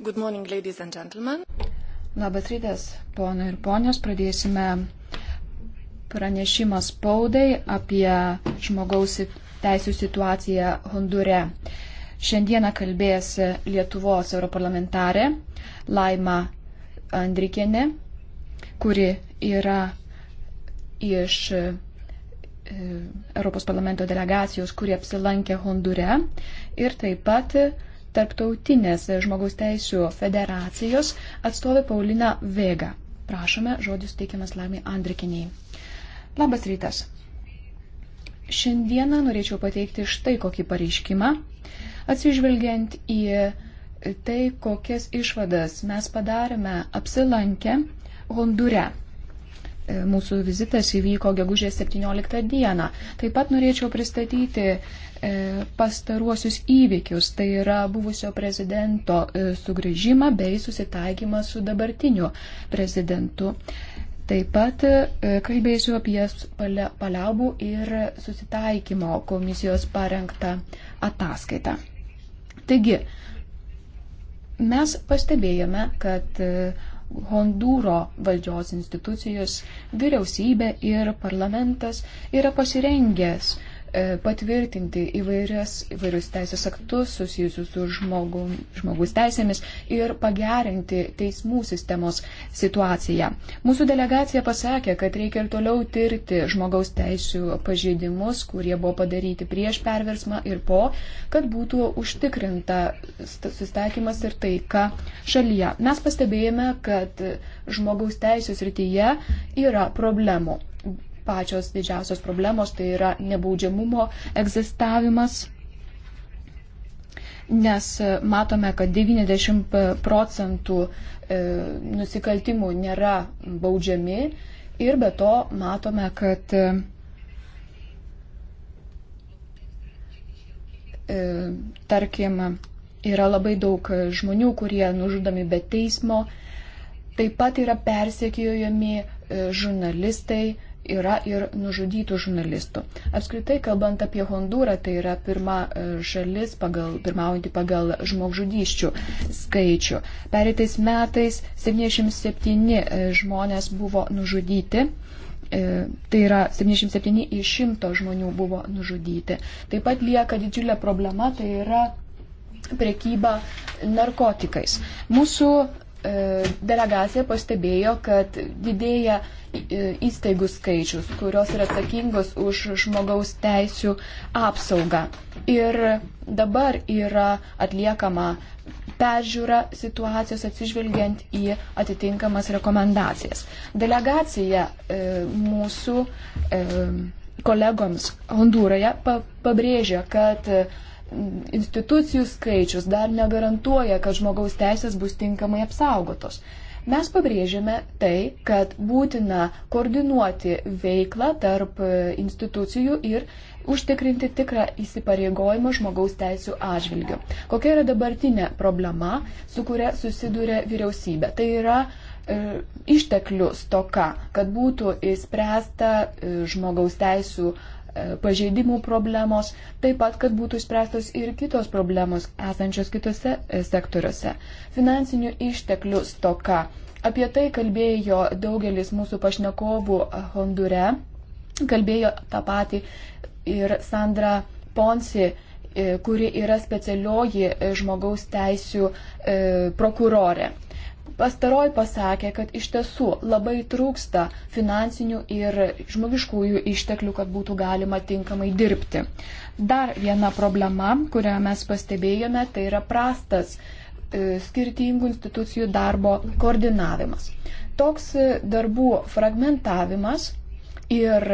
Good morning, ladies and gentlemen. Labas rytas, ponai ir ponios. Pradėsime pranešimą spaudai apie žmogaus teisų situaciją Hondure. Šiandieną kalbės Lietuvos europarlamentarė Laima Andrikienė, kuri yra iš e, Europos parlamento delegacijos, kurie apsilankė Hondure ir taip pat tarptautinės žmogaus teisų federacijos atstovė Paulina Vega. Prašome, žodis teikiamas Lami Andrikiniai. Labas rytas. Šiandieną norėčiau pateikti štai kokį pareiškimą, atsižvelgiant į tai, kokias išvadas mes padarėme apsilankę Hondure. E, mūsų vizitas įvyko gegužės 17 dieną. Taip pat norėčiau pristatyti e, pastaruosius įvykius, tai yra buvusio prezidento e, sugrįžimą bei susitaikymą su dabartiniu prezidentu. Taip pat kalbėsiu apie paliaubų ir susitaikymo komisijos parengtą ataskaitą. Taigi, mes pastebėjome, kad Hondūro valdžios institucijos, vyriausybė ir parlamentas yra pasirengęs uh, E, patvirtinti įvairias, įvairius teisės aktus susijusius su žmogu, žmogus teisėmis ir pagerinti teismų sistemos situaciją. Mūsų delegacija pasakė, kad reikia ir toliau tirti žmogaus teisų pažeidimus, kurie buvo padaryti prieš perversmą ir po, kad būtų užtikrinta susitaikymas ir taika šalyje. Mes pastebėjome, kad žmogaus teisų srityje yra problemų pačios didžiausios problemos, tai yra nebaudžiamumo egzistavimas. Nes matome, kad 90 procentų e, nusikaltimų nėra baudžiami ir be to matome, kad e, tarkim yra labai daug žmonių, kurie nužudomi be teismo, taip pat yra persekiojami e, žurnalistai, yra ir nužudytų žurnalistų. Apskritai, kalbant apie Hondūrą, tai yra pirma e, šalis pagal, pirmaujantį pagal žmogžudyščių skaičių. Pereitais metais 77 e, žmonės buvo nužudyti. E, tai yra 77 iš 100 žmonių buvo nužudyti. Taip pat lieka didžiulė problema, tai yra priekyba narkotikais. Mūsų E, delegacija pastebėjo, kad didėja e, įstaigų skaičius, kurios yra atsakingos už žmogaus teisų apsaugą. Ir dabar yra atliekama peržiūra situacijos atsižvelgiant į atitinkamas rekomendacijas. Delegacija e, mūsų kolegoms Hondūroje pabrėžia, kad institucijų skaičius dar negarantuoja, kad žmogaus teisės bus tinkamai apsaugotos. Mes pabrėžėme tai, kad būtina koordinuoti veiklą tarp e, institucijų ir užtikrinti tikrą įsipareigojimą žmogaus teisų atžvilgiu. Kokia yra dabartinė problema, su kuria susiduria vyriausybė? Tai yra e, išteklių stoka, kad būtų įspręsta e, žmogaus teisų E, pažeidimų problemos, taip pat, kad būtų išspręstos ir kitos problemos esančios kitose e, sektoriuose. Finansinių išteklių stoka. Apie tai kalbėjo daugelis mūsų pašnekovų Hondure, kalbėjo tą patį ir Sandra Ponsi, e, kuri yra specialioji žmogaus teisių prokurorė. Pastaroj pasakė, kad iš tiesų labai trūksta finansinių ir žmogiškųjų išteklių, kad būtų galima tinkamai dirbti. Dar viena problema, kurią mes pastebėjome, tai yra prastas e, skirtingų institucijų darbo koordinavimas. Toks e, darbų fragmentavimas ir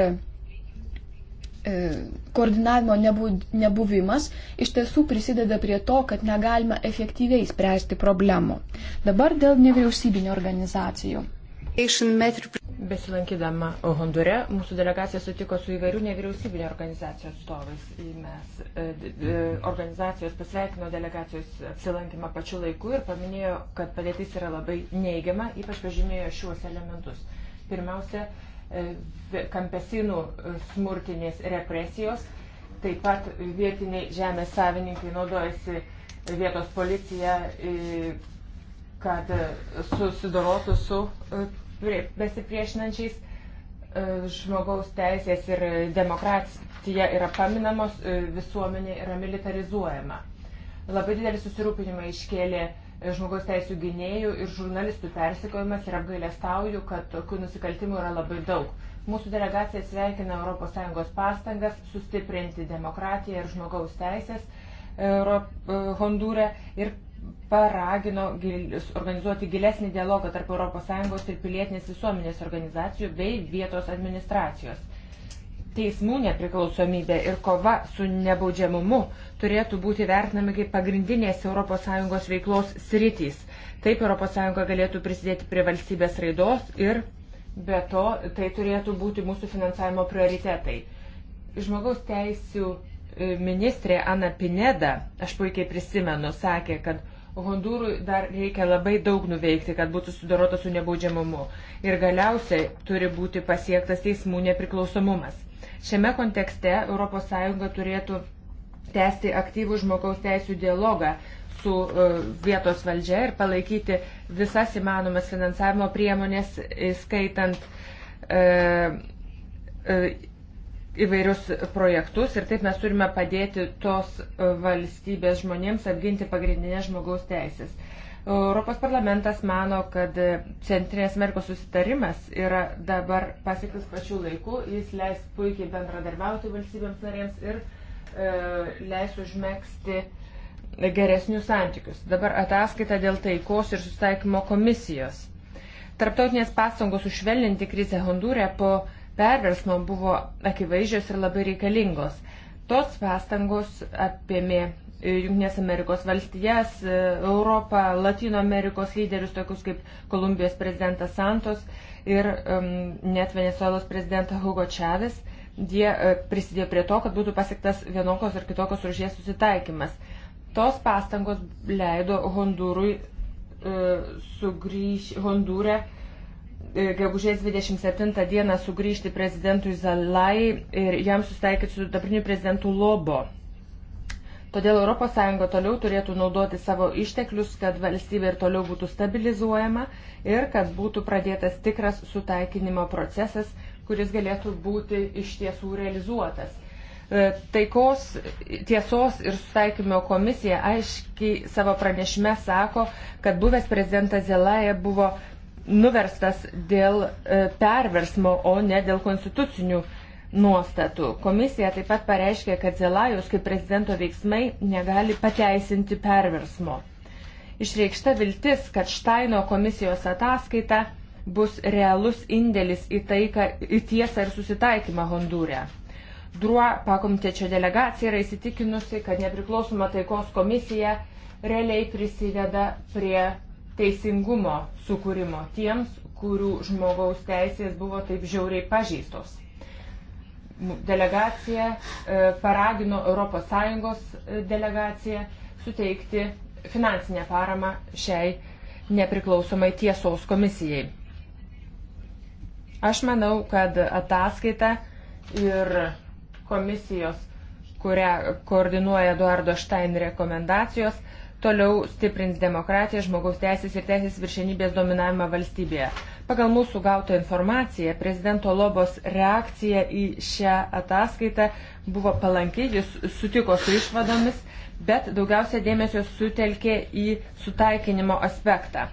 E, koordinavimo nebuvimas iš tiesų prisideda prie to, kad negalima efektyviai spręsti problemų. Dabar dėl nevyriausybinio organizacijų. Besilankydama Hondure, mūsų delegacija sutiko su įvairių nevyriausybinio organizacijų atstovais. Mes e, organizacijos pasveikino delegacijos apsilankymą pačiu laiku ir paminėjo, kad padėtis yra labai neigiama, ypač pažymėjo šiuos elementus. Pirmiausia, E, kampesinų e, smurtinės represijos. Taip pat vietiniai žemės savininkai naudojasi vietos policija, e, kad susidorotų su besipriešinančiais žmogaus teisės ir demokratija yra paminamos, visuomenė yra militarizuojama. Labai didelį susirūpinimą iškėlė E, žmogaus teisų gynėjų ir žurnalistų persikojimas ir apgailestauju, kad tokių nusikaltimų yra labai daug. Mūsų delegacija sveikina ES pastangas sustiprinti demokratiją ir žmogaus teisės e, e, Hondūre ir paragino organizuoti gilesnį dialogą tarp ES ir pilietinės visuomenės organizacijų bei vietos administracijos teismų nepriklausomybė ir kova su nebaudžiamumu turėtų būti vertinami kaip pagrindinės ES veiklos sritys. Taip ES galėtų prisidėti prie valstybės raidos ir be to tai turėtų būti mūsų finansavimo prioritetai. Žmogaus teisų e, ministrė Ana Pineda, aš puikiai prisimenu, sakė, kad Hondūrui dar reikia labai daug nuveikti, kad būtų sudarota su nebaudžiamumu. Ir galiausiai turi būti pasiektas teismų nepriklausomumas. Šiame kontekste ES turėtų tęsti aktyvų žmogaus teisų dialogą su e, vietos valdžia ir palaikyti visas įmanomas finansavimo priemonės, įskaitant e, e, įvairius projektus ir taip mes turime padėti tos valstybės žmonėms apginti pagrindinės žmogaus teisės. Europos parlamentas mano, kad Centrinės Amerikos susitarimas yra dabar pasiektas pačiu laiku, jis leis puikiai bendradarbiauti valstybėms narėms ir e, leis užmėgsti geresnius santykius. Dabar ataskaita dėl taikos ir sustaikymo komisijos. Tarptautinės pastangos užvelninti krizę Hondūre po perversmo buvo akivaizdžios ir labai reikalingos. Tos pastangos apėmė e, Junktinės Amerikos valstijas, e, Europą, Latino Amerikos lyderius, tokius kaip Kolumbijos prezidentas Santos ir um, net Venezuelos prezidentą Hugo Čavis. Jie uh, prisidėjo prie to, kad būtų pasiektas vienokios ar kitokios ružės susitaikymas. Tos pastangos leido Hondūrui uh, sugrįžti, Hondūrė uh, E, gegužės 27 dieną sugrįžti prezidentui Zalai ir jam susitaikyti su dabartiniu prezidentu Lobo. Todėl ES toliau turėtų naudoti savo išteklius, kad valstybė ir toliau būtų stabilizuojama ir kad būtų pradėtas tikras sutaikinimo procesas, kuris galėtų būti iš tiesų realizuotas. E, taikos, tiesos ir sutaikymo komisija aiškiai savo pranešime sako, kad buvęs prezidentas Zelaja buvo nuverstas dėl e, perversmo, o ne dėl konstitucinių nuostatų. Komisija taip pat pareiškė, kad Zelajus kaip prezidento veiksmai negali pateisinti perversmo. Išreikšta viltis, kad Štaino komisijos ataskaita bus realus indėlis į taiką, į tiesą ir susitaikymą Hondūre. Druo pakomitečio delegacija yra įsitikinusi, kad nepriklausoma taikos komisija realiai prisideda prie teisingumo sukūrimo tiems, kurių žmogaus teisės buvo taip žiauriai pažeistos. Delegacija e, paragino ES e, delegaciją suteikti finansinę paramą šiai nepriklausomai tiesos komisijai. Aš manau, kad ataskaita ir komisijos, kurią koordinuoja Eduardo Štain rekomendacijos, toliau stiprins demokratiją, žmogaus teisės ir teisės viršenybės dominavimą valstybėje. Pagal mūsų gautą informaciją, prezidento Lobos reakcija į šią ataskaitą buvo palankiai, jis sutiko su išvadomis, bet daugiausia dėmesio sutelkė į sutaikinimo aspektą.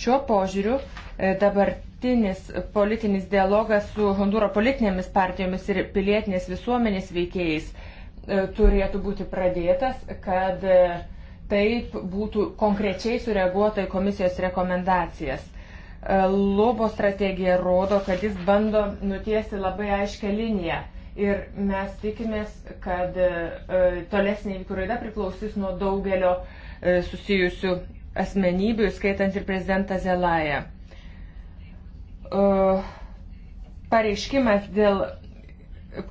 Šiuo požiūriu e, dabar nuolatinis politinis dialogas su Honduro politinėmis partijomis ir pilietinės visuomenės veikėjais e, turėtų būti pradėtas, kad e, taip būtų konkrečiai sureaguota į komisijos rekomendacijas. E, Lobo strategija rodo, kad jis bando nutiesti labai aiškę liniją ir mes tikimės, kad e, e, tolesnė įvykių raida priklausys nuo daugelio susijusių asmenybių, skaitant ir prezidentą Zelają. Pareiškimas, dėl,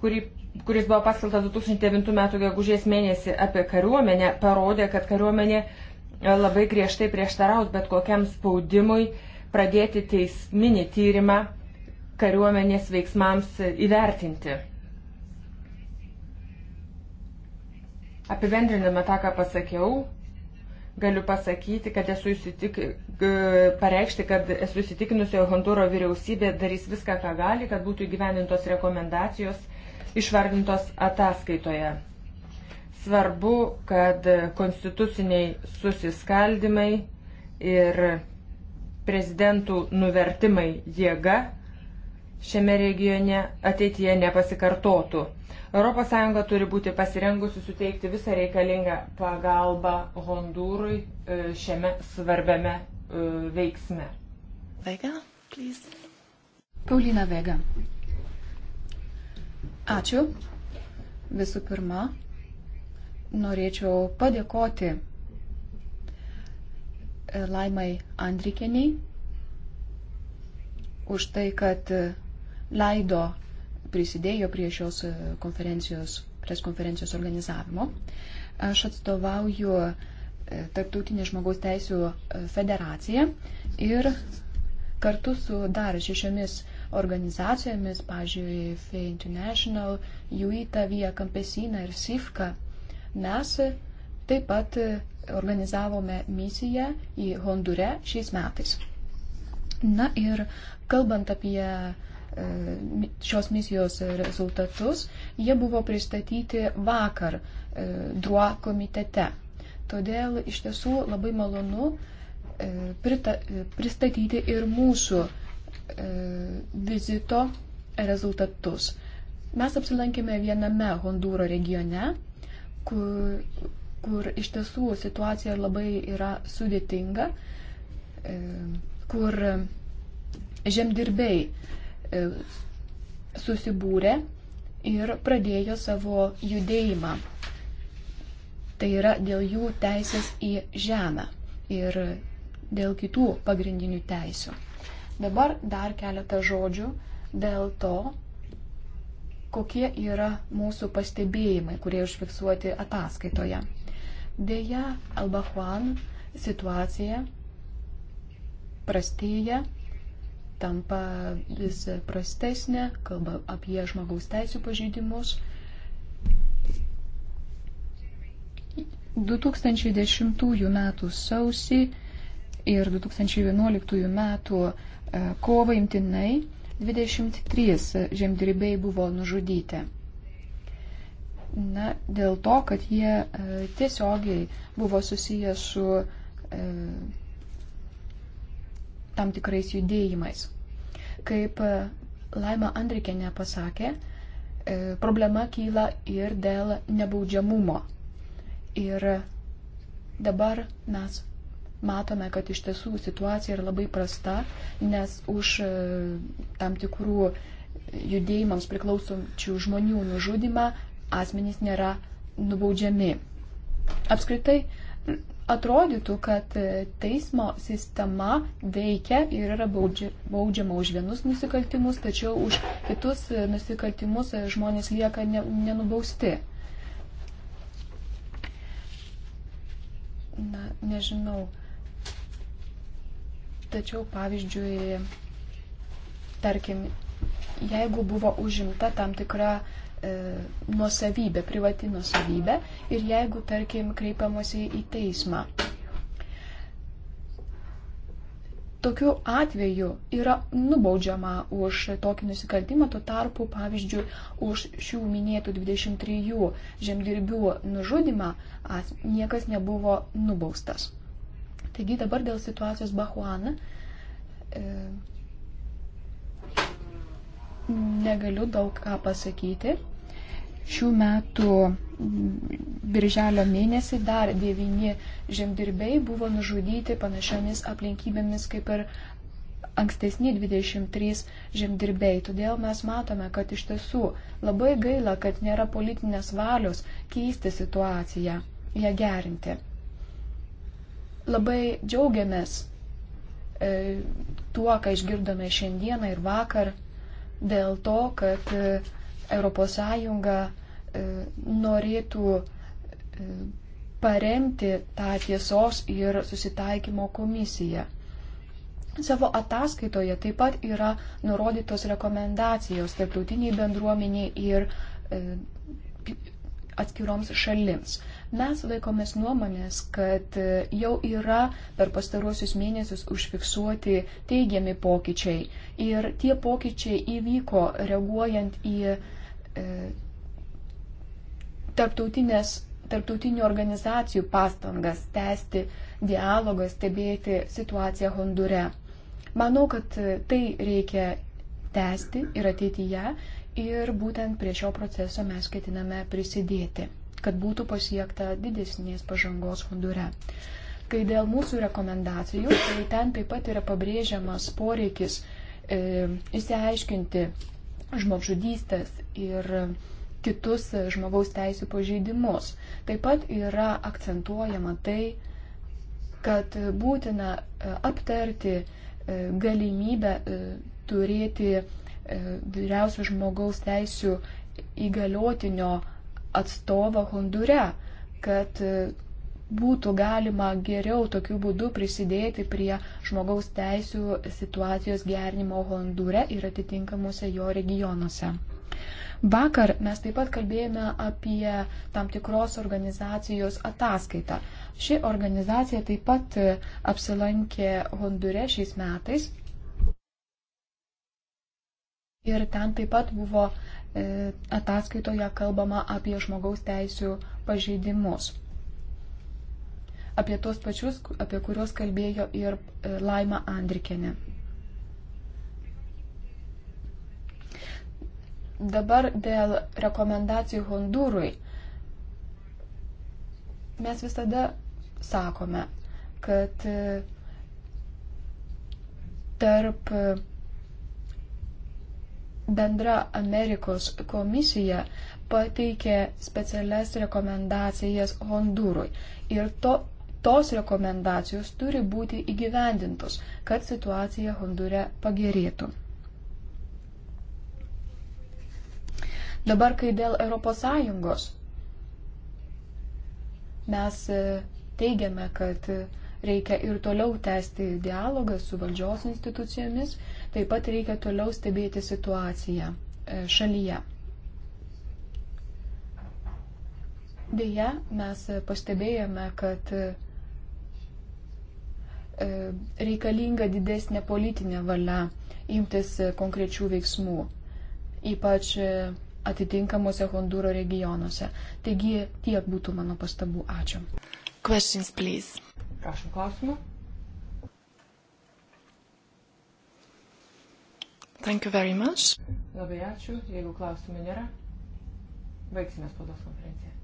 kurį kuris buvo paskeltas 2009 m. gegužės mėnesį apie kariuomenę, parodė, kad kariuomenė e, labai griežtai prieštaraus bet kokiam spaudimui pradėti teisminį tyrimą kariuomenės veiksmams e, įvertinti. Apibendriname tą, ką pasakiau, galiu pasakyti, kad esu įsitik... pareikšti, kad esu įsitikinusi, jog Hondūro vyriausybė darys viską, ką gali, kad būtų įgyvenintos rekomendacijos išvardintos ataskaitoje. Svarbu, kad konstituciniai susiskaldimai ir prezidentų nuvertimai jėga šiame regione ateityje nepasikartotų. ES turi būti pasirengusi suteikti visą reikalingą pagalbą Hondūrui e, šiame svarbiame e, veiksme. Vega, please. Paulina Vega. Ačiū. Visų pirma, norėčiau padėkoti e, Laimai Andrikeniai už tai, kad e, leido prisidėjo prie šios e, konferencijos, prie konferencijos organizavimo. Aš atstovauju Tarptautinė žmogaus teisų federacija ir kartu su dar šešiomis organizacijomis, pavyzdžiui, Fay International, Juita, Via Campesina ir SIFKA. Mes taip pat organizavome misiją į Hondure šiais metais. Na ir kalbant apie e, šios misijos rezultatus, jie buvo pristatyti vakar e, DRUA komitete. Todėl iš tiesų labai malonu e, prita, pristatyti ir mūsų E, vizito rezultatus. Mes apsilankėme viename Hondūro regione, kur, kur iš tiesų situacija labai yra sudėtinga, e, kur žemdirbiai e, susibūrė ir pradėjo savo judėjimą. Tai yra dėl jų teisės į žemę ir dėl kitų pagrindinių teisų. Dabar dar keletą žodžių dėl to, kokie yra mūsų pastebėjimai, kurie užfiksuoti ataskaitoje. Deja, Albahuan situacija prastėja, tampa vis prastesnė, kalba apie žmogaus teisų pažeidimus. 2010 m. sausį ir 2011 m. E, kovą imtinai 23 žemdirbiai buvo nužudyti. Na, dėl to, kad jie e, tiesiogiai buvo susiję su e, tam tikrais judėjimais. Kaip e, Laima Andrikenė pasakė, problema kyla ir dėl nebaudžiamumo. Ir dabar mes matome, kad iš tiesų situacija yra labai prasta, nes už e, tam tikrų judėjimams priklausančių žmonių nužudimą asmenys nėra nubaudžiami. Apskritai, atrodytų, kad e, teismo sistema veikia ir yra baudžiama už vienus nusikaltimus, tačiau už kitus e, nusikaltimus žmonės lieka nenubausti. Na, nežinau. Tačiau, pavyzdžiui, tarkim, jeigu buvo užimta tam tikra e, nuosavybė, privati nuosavybė ir jeigu, tarkim, kreipiamasi į teismą. Tokiu atveju yra nubaudžiama už tokį nusikaltimą, tuo tarpu, pavyzdžiui, už šių minėtų 23 žemdirbių nužudimą niekas nebuvo nubaustas. Taigi dabar dėl situacijos Bahuana e, negaliu daug ką pasakyti. Šių metų mm, birželio mėnesį dar devyni žemdirbiai buvo nužudyti panašiomis aplinkybėmis kaip ir ankstesni 23 žemdirbiai. Todėl mes matome, kad iš tiesų labai gaila, kad nėra politinės valios keisti situaciją, ją gerinti. Labai džiaugiamės e, tuo, ką išgirdome šiandieną ir vakar, dėl to, kad ES e, norėtų e, paremti tą tiesos ir susitaikymo komisiją. Savo ataskaitoje taip pat yra nurodytos rekomendacijos tarptautiniai bendruomeniai ir atskiroms šalims. Mes laikomės nuomonės, kad e, jau yra per pastaruosius mėnesius užfiksuoti teigiami pokyčiai. Ir tie pokyčiai įvyko reaguojant į e, tarptautinės tarptautinių organizacijų pastangas tęsti dialogą, stebėti situaciją Hondure. Manau, kad e, tai reikia tęsti ir ateityje ir būtent prie šio proceso mes ketiname prisidėti kad būtų pasiekta didesnės pažangos Hondure. Kai dėl mūsų rekomendacijų, tai ten taip pat yra pabrėžiamas poreikis e, įsiaiškinti žmogžudystės ir kitus žmogaus teisų pažeidimus. Taip pat yra akcentuojama tai, kad būtina e, aptarti e, galimybę e, turėti vyriausio žmogaus teisų įgaliotinio atstovą Hondure, kad e, būtų galima geriau tokiu būdu prisidėti prie žmogaus teisų situacijos gerinimo Hondūre ir atitinkamuose jo regionuose. Vakar mes taip pat kalbėjome apie tam tikros organizacijos ataskaitą. Ši organizacija taip pat e, apsilankė Hondūre šiais metais Ir ten taip pat buvo e, ataskaitoje kalbama apie žmogaus teisų pažeidimus. Apie tuos pačius, apie kuriuos kalbėjo ir e, Laima Andrikenė. Dabar dėl rekomendacijų Hondūrui. Mes visada sakome, kad e, tarp bendra Amerikos komisija pateikė specialias rekomendacijas Hondūrui. Ir to, tos rekomendacijos turi būti įgyvendintos, kad situacija Hondūre pagerėtų. Dabar, kai dėl ES mes e, teigiame, kad e, reikia ir toliau tęsti dialogą su valdžios institucijomis, Taip pat reikia toliau stebėti situaciją e, šalyje. Deja, mes pastebėjome, kad e, reikalinga didesnė politinė valia imtis konkrečių veiksmų, ypač e, atitinkamuose Hondūro regionuose. Taigi tiek būtų mano pastabų. Ačiū. Questions, please. Prašom klausimų. Thank you very much. Labai ačiū. Jeigu klausimų nėra, baigsime spaudos konferenciją.